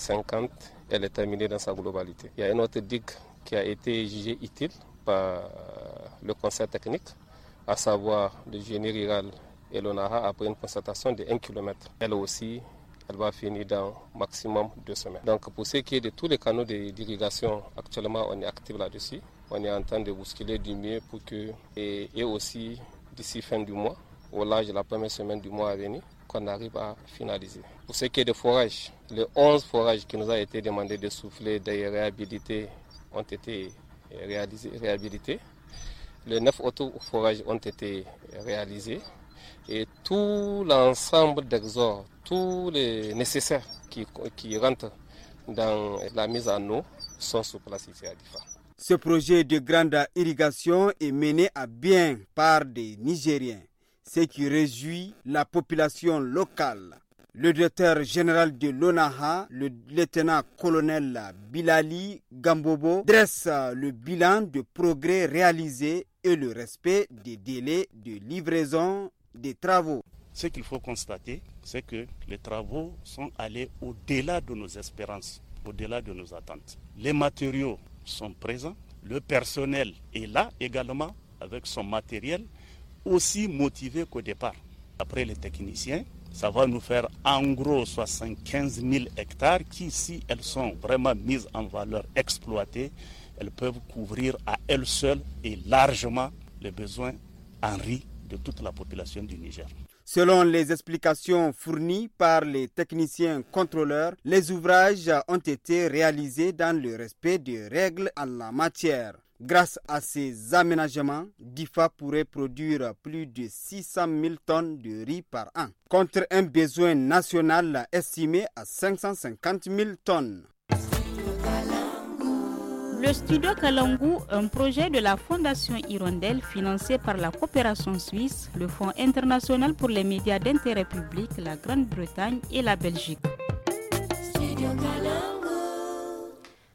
elle est terminée dans sa globalité. Il y a une autre digue qui a été jugée utile par le conseil technique à savoir le génie rural et après une constatation de 1 km. Elle aussi, elle va finir dans maximum deux semaines. Donc pour ce qui est de tous les canaux d'irrigation, actuellement on est actif là-dessus. On est en train de bousculer du mieux pour que, et, et aussi d'ici fin du mois, au large de la première semaine du mois à venir, qu'on arrive à finaliser. Pour ce qui est de forages, les 11 forages qui nous ont été demandés de souffler, d'ailleurs réhabilités, ont été réalisés, réhabilités les neuf auto-forages ont été réalisés et tout l'ensemble d'exors, tous les nécessaires qui, rentrent dans la mise en eau sont sur place ici à Difa. Ce projet de grande irrigation est mené à bien par des Nigériens, ce qui réjouit la population locale. Le directeur général de l'ONAHA, le lieutenant-colonel Bilali Gambobo, dresse le bilan de progrès réalisés et le respect des délais de livraison des travaux. Ce qu'il faut constater, c'est que les travaux sont allés au-delà de nos espérances, au-delà de nos attentes. Les matériaux sont présents, le personnel est là également avec son matériel, aussi motivé qu'au départ. Après les techniciens, ça va nous faire en gros 75 000 hectares qui, si elles sont vraiment mises en valeur, exploitées, elles peuvent couvrir à elles seules et largement les besoins en riz de toute la population du Niger. Selon les explications fournies par les techniciens contrôleurs, les ouvrages ont été réalisés dans le respect des règles en la matière. Grâce à ces aménagements, DIFA pourrait produire plus de 600 000 tonnes de riz par an, contre un besoin national estimé à 550 000 tonnes. Le studio Kalangu, un projet de la Fondation Hirondelle financé par la coopération suisse, le Fonds international pour les médias d'intérêt public, la Grande-Bretagne et la Belgique.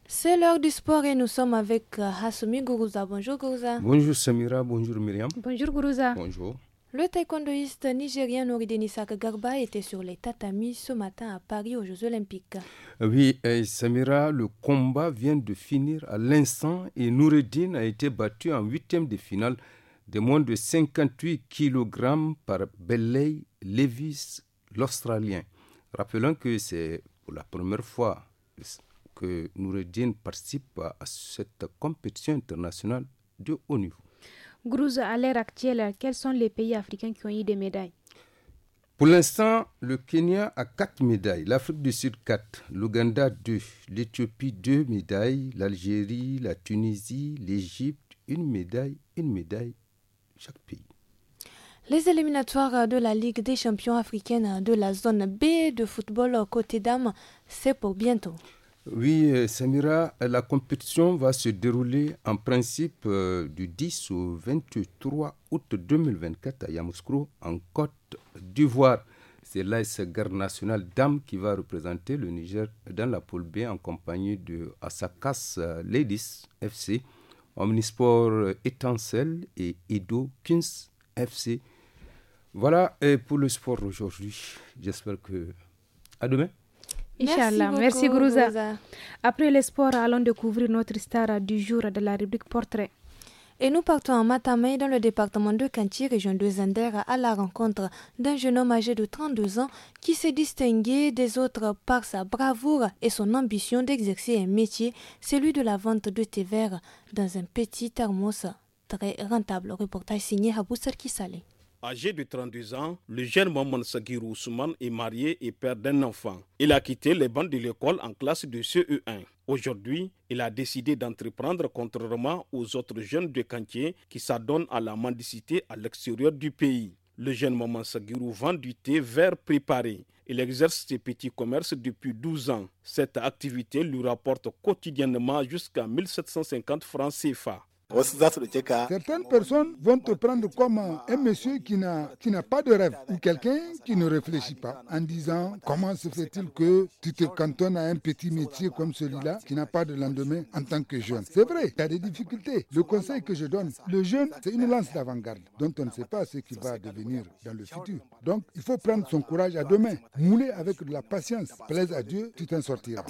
C'est l'heure du sport et nous sommes avec euh, Hassoumi Gourouza. Bonjour Gourouza. Bonjour Samira, bonjour Myriam. Bonjour Gourouza. Bonjour. Le taekwondoïste nigérien Noureddin Isak Garba était sur les tatamis ce matin à Paris aux Jeux Olympiques. Oui, Samira, le combat vient de finir à l'instant et Noureddin a été battu en huitième de finale de moins de 58 kg par Belay, Levis, l'Australien. Rappelons que c'est pour la première fois que Noureddin participe à cette compétition internationale de haut niveau. Grouze, à l'heure actuelle, quels sont les pays africains qui ont eu des médailles Pour l'instant, le Kenya a 4 médailles, l'Afrique du Sud 4, l'Ouganda 2, l'Éthiopie 2 médailles, l'Algérie, la Tunisie, l'Égypte, une médaille, une médaille, chaque pays. Les éliminatoires de la Ligue des champions africaines de la zone B de football côté dames, c'est pour bientôt. Oui, euh, Samira, la compétition va se dérouler en principe euh, du 10 au 23 août 2024 à Yamoussoukro, en Côte d'Ivoire. C'est l'AS Garde nationale Dame qui va représenter le Niger dans la poule B en compagnie de Asakas euh, Ladies FC, Omnisport Étincelle et Edo Kins FC. Voilà pour le sport aujourd'hui. J'espère que. À demain. Inch'Allah. Merci, Gourouza. Après l'espoir, allons découvrir notre star du jour de la rubrique Portrait. Et nous partons en Matamei dans le département de Kanti, région de Zender, à la rencontre d'un jeune homme âgé de 32 ans qui s'est distingué des autres par sa bravoure et son ambition d'exercer un métier, celui de la vente de thé vert dans un petit thermos très rentable. Reportage signé Habousser Saleh. Âgé de 32 ans, le jeune Maman Sagir Ousmane est marié et père d'un enfant. Il a quitté les bancs de l'école en classe de CE1. Aujourd'hui, il a décidé d'entreprendre contrairement aux autres jeunes de cantier qui s'adonnent à la mendicité à l'extérieur du pays. Le jeune Maman Sagirou vend du thé vert préparé. Il exerce ses petits commerces depuis 12 ans. Cette activité lui rapporte quotidiennement jusqu'à 1750 francs CFA. Certaines personnes vont te prendre comme un monsieur qui n'a pas de rêve ou quelqu'un qui ne réfléchit pas en disant comment se fait-il que tu te cantonnes à un petit métier comme celui-là qui n'a pas de lendemain en tant que jeune. C'est vrai, tu as des difficultés. Le conseil que je donne, le jeune, c'est une lance d'avant-garde dont on ne sait pas ce qu'il va devenir dans le futur. Donc, il faut prendre son courage à deux mains, mouler avec de la patience. Plaise à Dieu, tu t'en sortiras.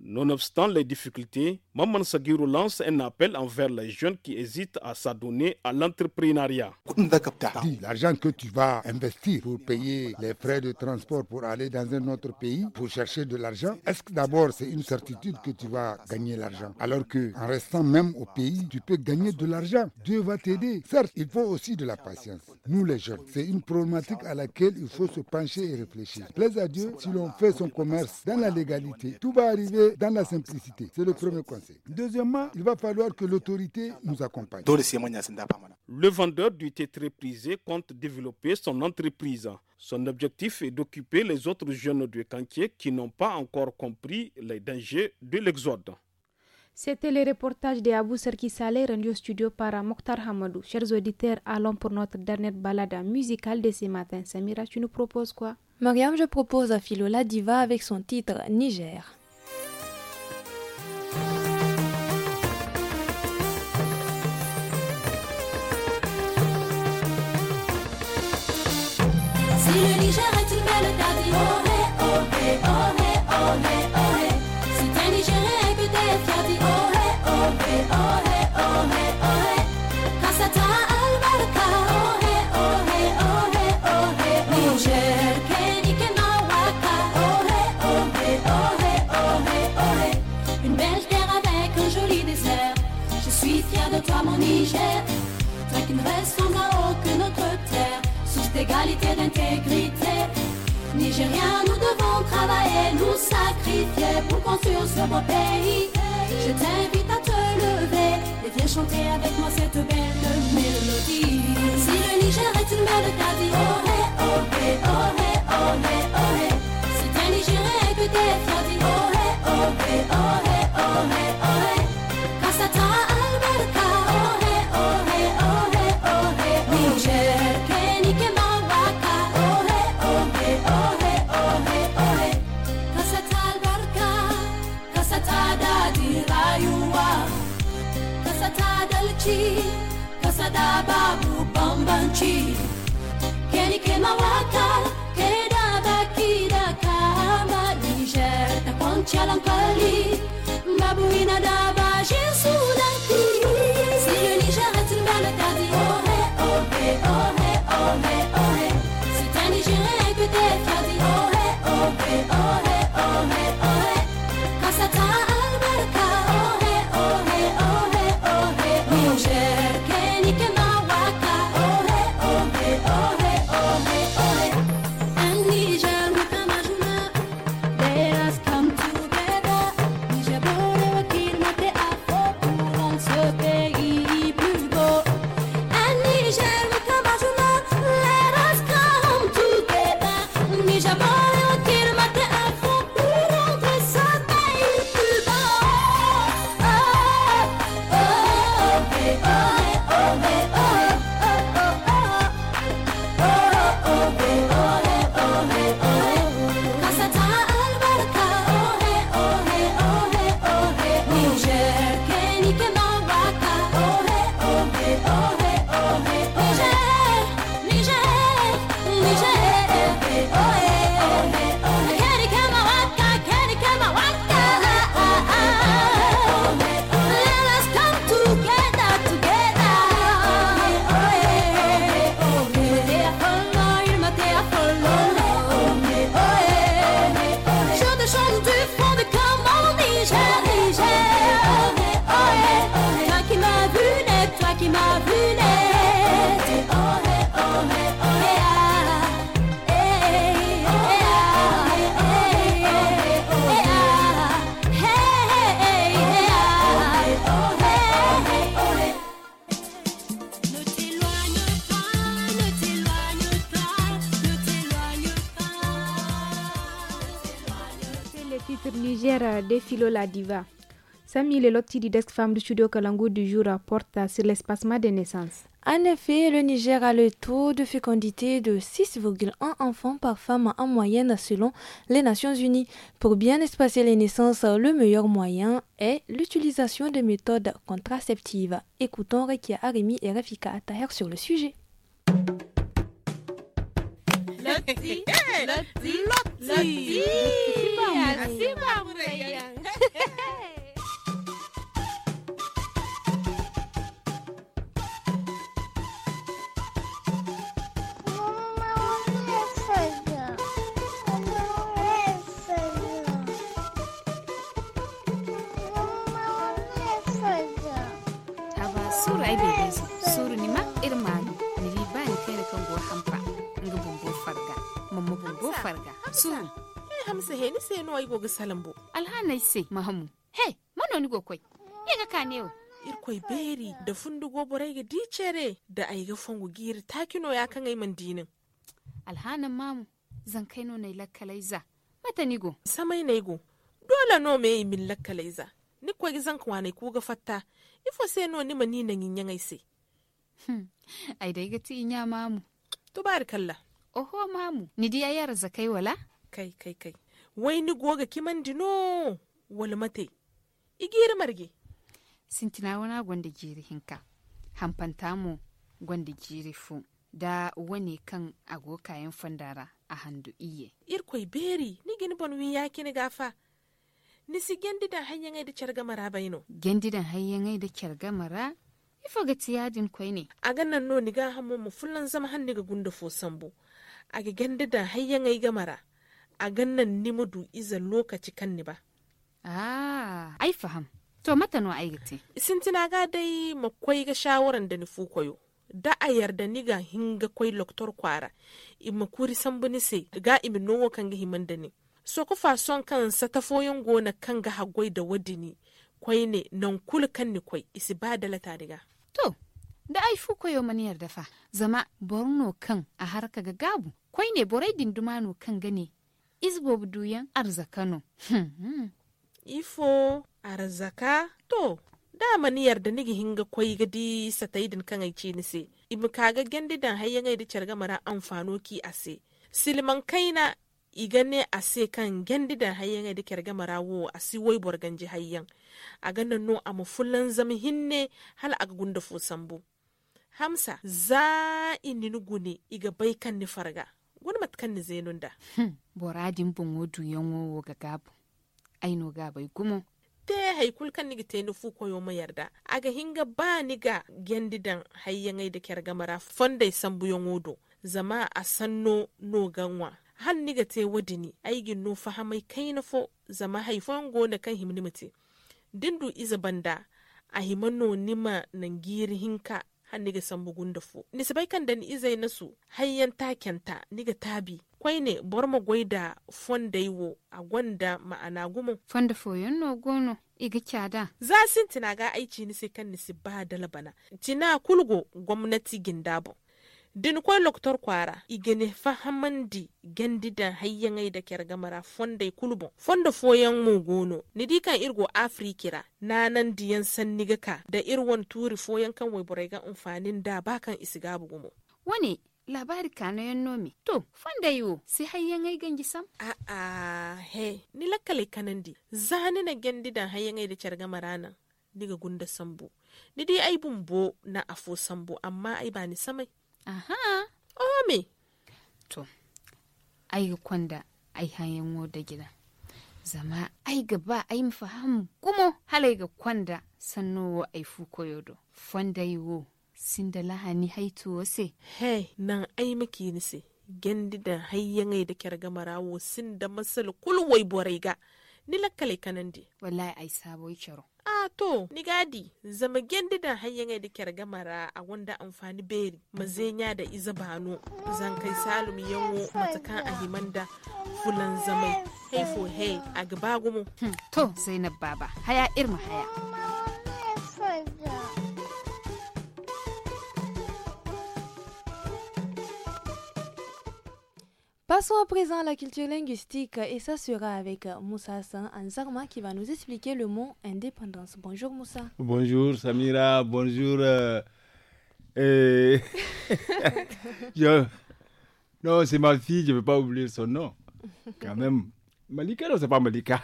Nonobstant les difficultés, Maman Sagirou lance un appel envers les les jeunes qui hésitent à s'adonner à l'entrepreneuriat. L'argent que tu vas investir pour payer les frais de transport pour aller dans un autre pays, pour chercher de l'argent, est-ce que d'abord c'est une certitude que tu vas gagner l'argent Alors que en restant même au pays, tu peux gagner de l'argent. Dieu va t'aider. Certes, il faut aussi de la patience. Nous les jeunes, c'est une problématique à laquelle il faut se pencher et réfléchir. Plaise à Dieu, si l'on fait son commerce dans la légalité, tout va arriver dans la simplicité. C'est le premier conseil. Deuxièmement, il va falloir que l'autorité nous Le vendeur du très prisé compte développer son entreprise. Son objectif est d'occuper les autres jeunes du cantier qui n'ont pas encore compris les dangers de l'exode. C'était le reportage de Abou Serki Saleh rendu au studio par Mokhtar Hamadou. Chers auditeurs, allons pour notre dernière balade musicale de ce matin. Samira, tu nous proposes quoi Mariam, je propose à Philola Diva avec son titre Niger. Ohé, ohé, ohé, ohé C'est indigéré que t'aies fierté Ohé, ohé, ohé, ohé, ohé Quand ça t'a à Ohé, ohé, ohé, ohé, ohé Niger, kéni, kéna, waka Ohé, ohé, ohé, ohé, ohé Une belle guerre avec un joli désert Je suis fière de toi mon Niger Très qui ne reste en moi aucune autre terre Sous d'égalité et d'intégrité nous devons travailler, nous sacrifier pour construire ce beau pays. Je t'invite à te lever et viens chanter avec moi cette belle mélodie. Si le Niger est une belle cavie, oh ohé, oh ohé, oh Si oh eh un Nigérien que t'es oh ohé, oh oh sababu bambanci keni kema waka keda baki da kama Niger ta kwanciyar hankali babu ina da des filo la diva. Samy Lelotti du Desk Femme du studio Kalangu du jour porte sur l'espacement des naissances. En effet, le Niger a le taux de fécondité de 6,1 enfants par femme en moyenne selon les Nations Unies. Pour bien espacer les naissances, le meilleur moyen est l'utilisation de méthodes contraceptives. Écoutons Rekia Arimi et Rafika Ataher sur le sujet loti, loti, loti, loti, loti, suna eh hamsa he ni sai no ay goga salambo alhana sai mahamu he manoni go koy e ga kanewo irkoy beri da fundugo rai ga dicere da ai ga fongu giri takino ya kan ay mandinin alhana mamu zan kai no nai lakkalaiza mata nigo samai go dole no me min lakkalaiza ni koy zan nai ku ga fatta ifo sai no ni nan yin se hmm, ai dai ga ti inya mamu tubarkalla oho mamu ni dai yar zakai wala kai kai kai wai ni goga kiman dino walmate igiri marge sintina wana gwanda jiri hinka hamfanta mu gwanda jiri fu da wani kan kayan fandara a handu iye irkwai beri ni gini bon wi yaki gafa nisi gendidan hanyan ai da kyarga mara no gendidan hanyan ai da kyarga mara ifa ga tiyadin kwai ne a gannan no ni ga hammu mu fullan zama hannu ga gunda fo sambo a ga gendidan hanyan ai ga mara a gannan ni mudu iza lokaci kan ni ba. Ah, ai faham. To mata no ai gite. Sintina ga dai makwai ga shawaran da nufu koyo. Da a yarda ni ga hinga kwai loktor kwara. Ima kuri san buni sai ga imin nowo kan ga himan da ni. So ku fason kan sa gona kan ga hagwai da wadini. Kwai ne nan kul kan ni kwai isi ba da lata riga. To, da ai fu koyo mani yarda fa. Zama borno kan a harka ga gabu. Kwai ne borai no kan gane izbob duyan arzakano hmm. ifo arzaka to dama ni yarda nigi hinga kwai gadi sataidin kan aice ni se ibu kaga gendi dan hayyan ai di charga mara amfano ki ase silman kaina igane ase kan gendi dan hayyan ai da charga mara wo asi borganji hayyan a ganan no a mafullan zami hinne hal aga gunda fusambu hamsa za ininu gune iga bai kan ni farga wani matkan ni zenunda hmm, boradin yan yonwo ga gabu aino ga bai gumo te haikul kan nigi teni fu koyo ma yarda aga hinga ba ni ga gendidan hayyangai da kyar gamara fondai buyon wudu. zama a sanno no ganwa han niga te ni, aigin no fahamai kai na fo zama haifon gona kan himni mutu dindu iza banda a himanno nima nan giri hinka har niga san bugun da fu kan da ni izai nasu taken takenta niga tabi kwai ne bar ma gwai da yiwo a gwanda ma'ana gumu Fonda foyon no gono iga kyada za sin tina ga aici ni sai kan ni da labana tina kulgo gwamnati gindabo din kwa loktor kwara igene fahamandi gandidan hayyangai da kyar gamara fonda kulubon fonda foyan mu gono ni dikan irgo afrikira na nan diyan sanniga ka da irwan turi foyan kan wai borai amfanin da bakan isiga bugumo wani labari kano yan nomi to fonda yiwo si hayyangai gangi sam a a he ni lakkale kanandi zani na gandidan hayyangai da kyar gamara nan diga gunda sambo ni dai ai bumbo na afo sambo amma ai ba ni samai aha oh me to ai kwanda ai hayan da gida zama ai ba ai fahimu kuma halai ga kwanda sannowo ai fu koyodo fonda yiwo sinda lahani haitu wase hey nan ai maki nise gendi da hayyan da kyar gamarawo da masal kulwai borai ga ni lakkale kanandi wallahi ai sabo charo to ni gadi zama gendidan hanyar da kyar gamara a wanda amfani beri mazenya da izabano zan kai salum yawo matakan ahimanda fulan zamai haifo hey a gaba gumo hmm, to na baba haya irma haya Passons à présent à la culture linguistique et ça sera avec euh, Moussa Hassan Anzarma qui va nous expliquer le mot indépendance. Bonjour Moussa. Bonjour Samira, bonjour. Euh, euh, non, c'est ma fille, je ne vais pas oublier son nom. Quand même. Malika, non, c'est pas Malika.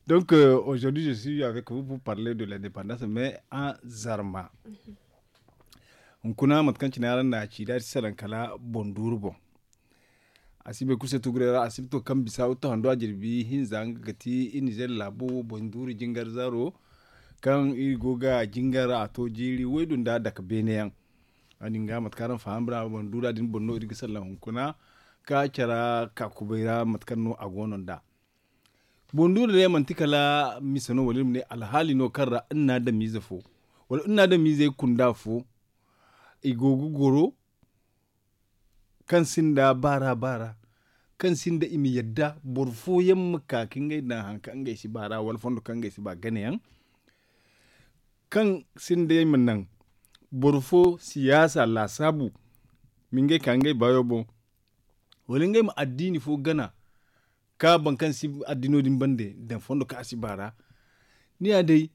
donc aujourd'hui, je suis avec vous pour parler de l'indépendance, mais en Zarma. Mhm. nkuna matkanci na yaran na ci da saran kala bondurbo asibe kurse ra asibto kan bisa uta hando ajirbi zanga gati inizel labu bonduri jingar zaro kan irgoga jingar ato jiri wedun da daga beneyan aninga matkaran fahambra bondura din bonno irgi salan hunkuna ka cara ka kubaira matkanno agonon da bondura le mantikala misano walimne alhali no karra inna da mizafo wal inna da mizai kunda igogo goro kan sinda bara bara kan sinda imi yadda borfo yamma ka ga na hanka an gaishi bara wal fondo kan gaishi ba gane yan kan sinda yamma nan borfo siyasa la sabu kan kange bayo bo ngai ma addini fo gana ka kan si addino din bande dan fondo ka si bara ni adai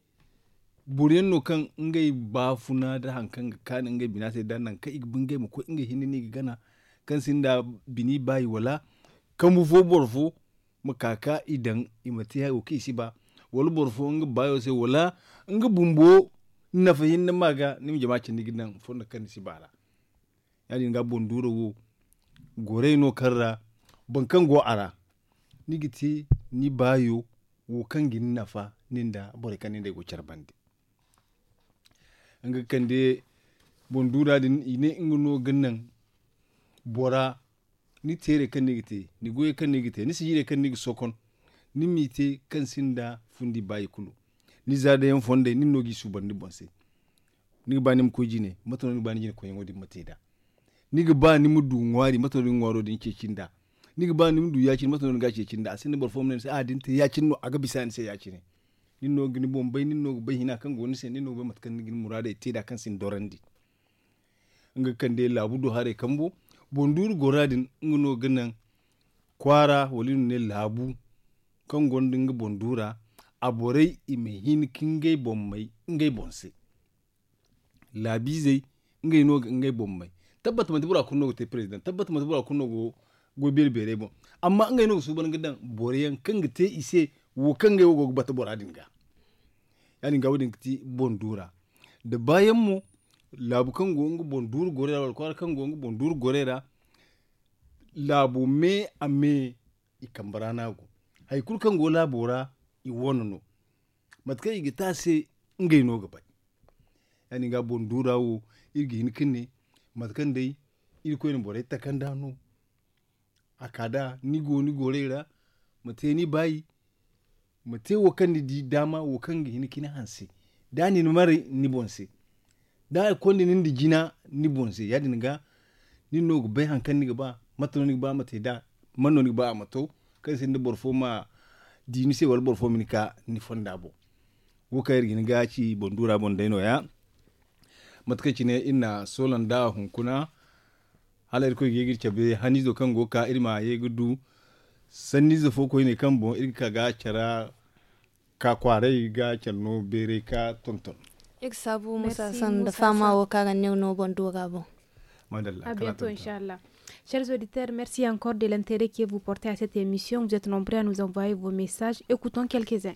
buren no kan ngai funa da hankan ga kan ngai bina sai dan nan kai bungai mu ko ngai ne ga gana kan sin da bini bayi wala kan mu fo borfo mu kaka idan imati ha ki si ba wal borfo ngai bai sai wala ngai bumbo na fahin na maga ni mu jama'a cin gidan fo na kan si bala yani ga bonduro wo gore no karra bankan go ara nigiti ni bayo wo kan gin nafa ninda bore kan ninda go charbandi ga kande bon dura din ine inga no gannan bora ni tere kan nigite ni goye kan nigite ni sijire kan nigi sokon ni mite kan sinda fundi bayi kulu ni zade yon fonde ni nogi suban ni bonse ni ba ni ko jine matono ni ba ni jine ko yango mateda ni ba ni mudu ngwari matono ni ngwaro din cecinda ni ba ni mudu yachin matono ni gace cinda asin ni barfom ne se a ah, din te yacin no aga bisani se yachin ne nino gini bombay nino bay hina kan go nise no bay matkan gini te da kan sin dorandi nga kan de labu do hare kambo bondur goradin ngino ganan kwara walinu ne labu kan gondin ga bondura i ime hin kingai bombay ngai bonse labizai ngai no ngai bombay tabbata matibura kunno te president tabbata matibura kunno go go berbere bo amma ngai no suban gidan boreyan kan ga te ise wo kanga wo gogo bata bora dinga yani ga wudin ti bondura da bayan mu labu kan go ngo bondur gorera wal kwar kan go ngo bondur gorera labu me ame ikambarana go hay kul kan go labora i wonono matka gita se ngai no gaba yani ga bondura wo irgi hin kinne matkan dai irko ni bore takandano akada ni go ni gorera mate ni bayi ma te wo kan di dama wo kan gi ni kina hanse da ni mari ni bonse da ko ni ni jina ni bonse ya din ga ni no go be han kan ni ba matano ni ba mate da manno ni ba mato kan sai ni borfo ma di ni se wal borfo min ka ni fonda bo wo kayir gi ni ga ci bondura bon dai no ya ci ne ina solan da hunkuna halayar ko gegir cabe hanizo kan goka irma yegudu sanni zafo ko ne kan bon irka ga cara ka kwarai ga calno bere ka tonton ik sabu musa san da fama wa kaga ne no bon doga bon madalla a bientôt inshallah. Chers auditeurs, merci encore de l'intérêt que vous portez à cette émission. Vous êtes nombreux à nous envoyer vos messages. Écoutons quelques-uns.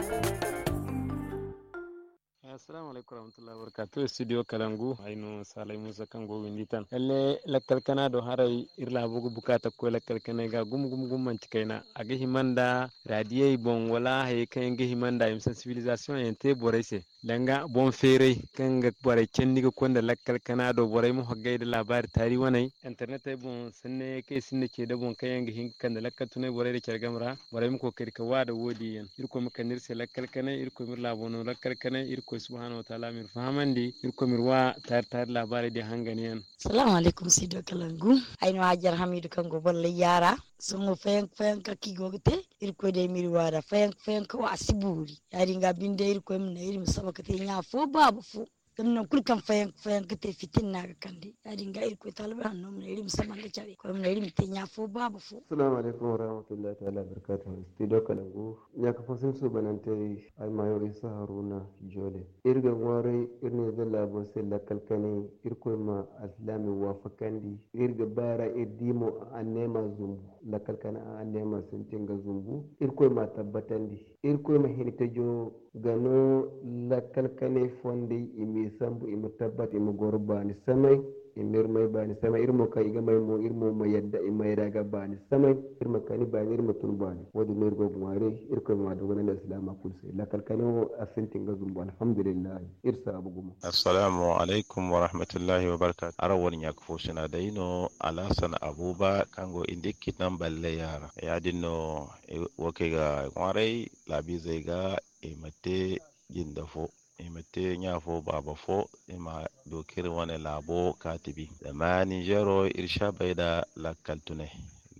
assalamu alaykum warahmatullahi wabarakatu studio kalangu ayno salay musa kango windi tan lalle lakkal kana do haray irla bugu bukata ko lakkal kana ga gum gum gum manci kaina aga himanda radiyai bon wala hay kan ga himanda im sensibilisation yente borese danga bon fere kanga chenni ko konda lakkal kana do mu mo hoggayde labari tari wonay internet e bon sanne ke sinne de bon kayang hin kanda lakkal tunay borayde cergamra bare mu ko kadi ka wada wodi yen irko mi se lakkal kana irko mir labono lakkal kana irko subhanahu wa ta'ala mir fahamandi irko mir wa tar tar labari de hangani yen assalamu alaikum sido kalangu ayno hajar hamidu kango bolle yara songo feng feng ka kigogte irko de mir wada fayan feng ko wa asiburi yari nga binde irko mi na irim ba ka tinya fo babu fo kamna kulkan fayan fayan kate fitin na ga kandi adin ga irko talba hannu mun irim saman da cari ko mun irim tin ya fo babu fo assalamu alaikum wa rahmatullahi ta'ala barakatuh ti studio go ya ka fasin su banante ai mayori isa haruna jole irgan ware irne da labo sai la kalkane irko ma aslami wa fakandi irga bara irdimo anema zumbu la kalkana anema sun tinga zumbu irko ma tabbatandi irkoy mai hinita jo gano lakkal fondi fonde imi sambu imi tabbat imi ni samai. ba ni sama irmo kai ga mai mo irmo mai yadda mai yada ga ni sama irma ba ni irma tun ni wadi nur go bumare irko ma da na islam kul sai la kal kanu asintin ga zumbu alhamdulillah irsa abu gumu assalamu alaikum wa rahmatullahi wa barakatuh arawon yakfo sina daino sana abuba kango indiki nan balle yara ya dinno e, wake ga kwarai labi zai ga imate e, jin dafo imete ɲafo baba fo ima do wane labo katibi zamani jero irsha la lakaltune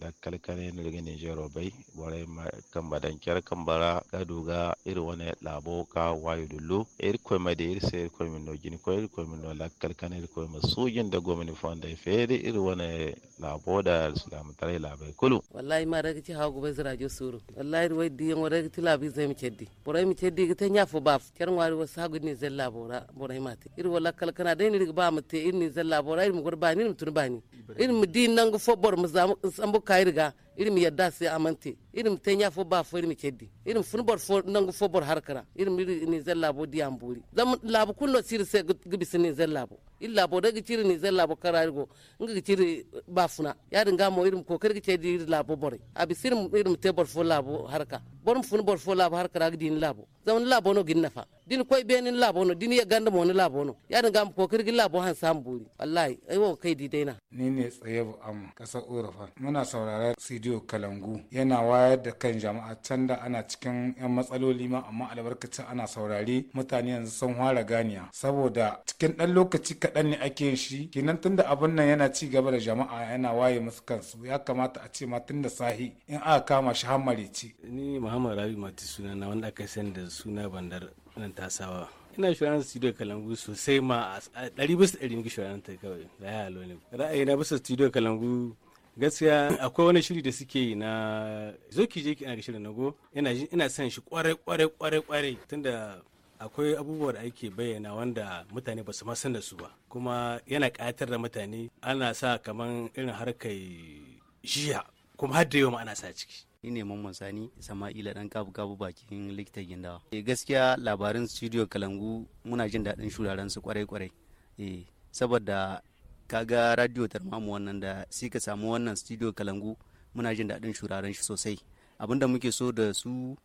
da kalkane na daga nijero bai bore kan badan kyar kan bara da duga irin wani labo ka wayo dullo iri ko ma iri ir se ko min no gini ko iri ko min no la kalkane iri ko ma sujin da gomini fonda fere iri wani labo da islam tare labai kulu wallahi ma daga ci hagu bai zira jo suru wallahi ruwai diyan wa daga ti labi zai mi cedi, burai mi cedi ga nya yafo baf kyar ngwari wasu hagu ni zella bora bore mate iri wala kalkana da ni riga ba mu te iri ni labo ra iri mu gurbani iri mu turbani iri mu di nan go fo bor mu zamu sambu இருக்கா irim yadda sai amante irim ya fo ba fo irim keddi irim funbor fo nangu fo bor harkara irim ni zellabo di amburi zam labu kunno sir se gibis ni zellabo illa bo daga ciri ni zellabo karargo ngi ciri ba funa yadin gamo irim ko kirgi cedi irim labo bore abi sir irim te bor fo labo harka borum funbor fo labo harkara gidi ni labo zam labo no ginna nafa din koy benin labo no din ya ganda mo ni labo no yadin gamo ko kirgi labo han samburi wallahi aiwo kai di daina ni ne tsaye am kasa urafa muna saurara bidiyo kalangu yana wayar da kan jama'a can da ana cikin 'yan matsaloli ma amma albarkacin ana saurari mutane yanzu sun fara ganiya saboda cikin dan lokaci kaɗan ne ake yin shi kenan tunda abin nan yana ci gaba da jama'a yana waye musu kansu ya kamata a ce ma tun da sahi in aka kama shi hammare ce. ni muhammad rabi mati suna na wanda aka sani da suna bandar nan tasawa ina shirin studio kalangu sosai ma a ɗari bisa ɗari muke shirin ta kawai ya ra'ayi na bisa studio kalangu gaskiya akwai wani shiri da suke yi na zo ki je ki ina shirin nago go ina san shi kwarai kwarai kwarai kwarai tunda akwai abubuwa da ake bayyana wanda mutane ba su ma san da su ba kuma yana katar da mutane ana sa kaman irin harkar jiya kuma har da yau ma ana sa ciki ni ne mamman sani sama'ila dan kabu kabu bakin likita gindawa eh, gaskiya labarin studio kalangu muna jin daɗin shuraren su kwarai kwarai e eh, saboda kaga radio tarmamu wannan da si ka samu wannan studio kalangu muna jin daɗin shuraren shi sosai da muke so da su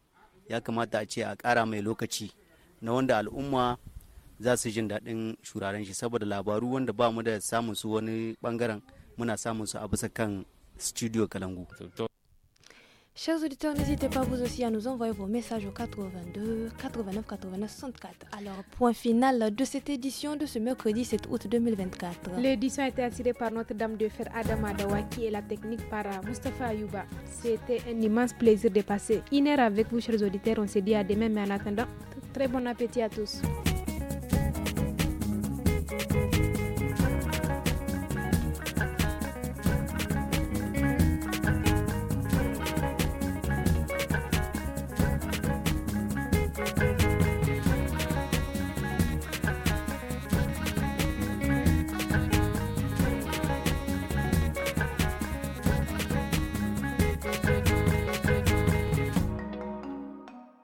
ya kamata a ce a ƙara mai lokaci na wanda al'umma za su jin daɗin shuraren shi saboda labaru wanda ba mu da samun su wani bangaren muna samun su a bisa kan studio kalangu Chers auditeurs, n'hésitez pas vous aussi à nous envoyer vos messages au 82 89 89 64. Alors, point final de cette édition de ce mercredi 7 août 2024. L'édition a été assurée par Notre-Dame de Fer Adam qui et la technique par euh, Mustapha Ayouba. C'était un immense plaisir de passer une heure avec vous, chers auditeurs. On se dit à demain, mais en attendant, très bon appétit à tous.